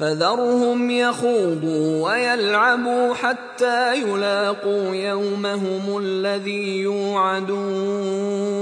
فذرهم يخوضوا ويلعبوا حتى يلاقوا يومهم الذي يوعدون